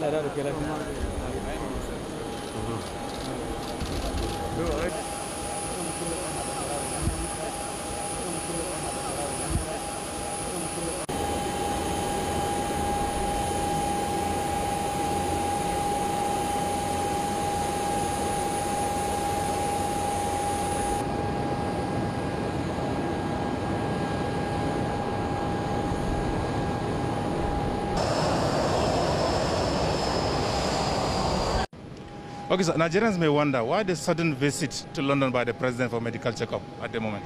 لا لا لا Okay, so Nigerians may wonder why the sudden visit to London by the president for medical checkup at the moment.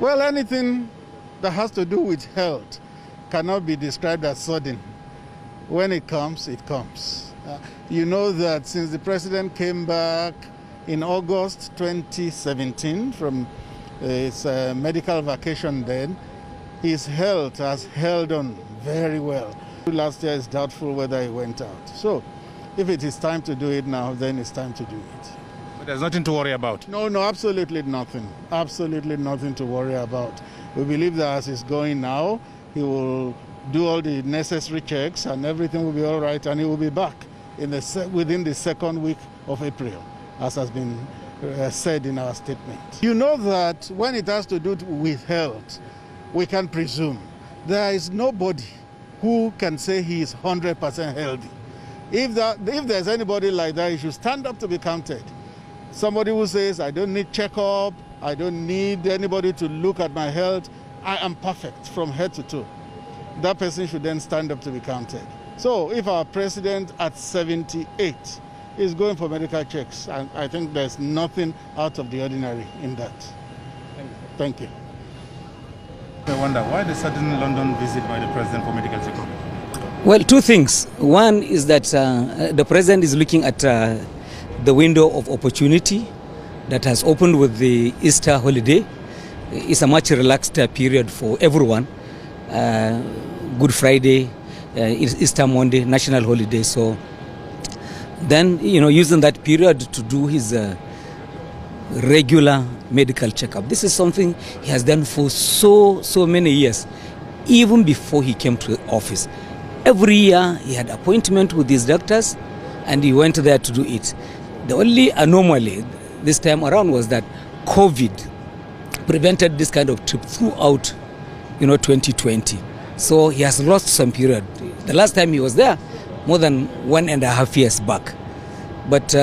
Well, anything that has to do with health cannot be described as sudden. When it comes, it comes. Uh, you know that since the president came back in August 2017 from his uh, medical vacation then, his health has held on very well. Last year, it's doubtful whether he went out. So if it is time to do it now, then it's time to do it. But there's nothing to worry about? No, no, absolutely nothing. Absolutely nothing to worry about. We believe that as he's going now, he will do all the necessary checks and everything will be all right and he will be back in the within the second week of April, as has been uh, said in our statement. You know that when it has to do with health, we can presume. There is nobody who can say he is 100% healthy. If, that, if there's anybody like that, he should stand up to be counted. Somebody who says, I don't need checkup, I don't need anybody to look at my health, I am perfect from head to toe. That person should then stand up to be counted. So if our president at 78 is going for medical checks, and I think there's nothing out of the ordinary in that. Thank you. I wonder why the sudden London visit by the president for medical checkup? Well, two things. One is that uh, uh, the president is looking at uh, the window of opportunity that has opened with the Easter holiday. Uh, it's a much relaxed uh, period for everyone. Uh, Good Friday, Easter Monday, national holiday. So then, you know, using that period to do his regular medical checkup. This is something he has done for so, so many years, even before he came to office. every year he had appointment with his doctors and he went there to do it. The only anomaly this time around was that COVID prevented this kind of trip throughout, you know, 2020. So he has lost some period. The last time he was there, more than one and a half years back. But uh,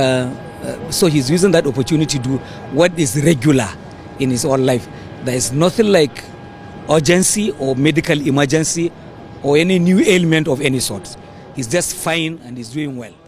uh, so he's using that opportunity to do what is regular in his own life. There is nothing like urgency or medical emergency or any new ailment of any sort. He's just fine and he's doing well.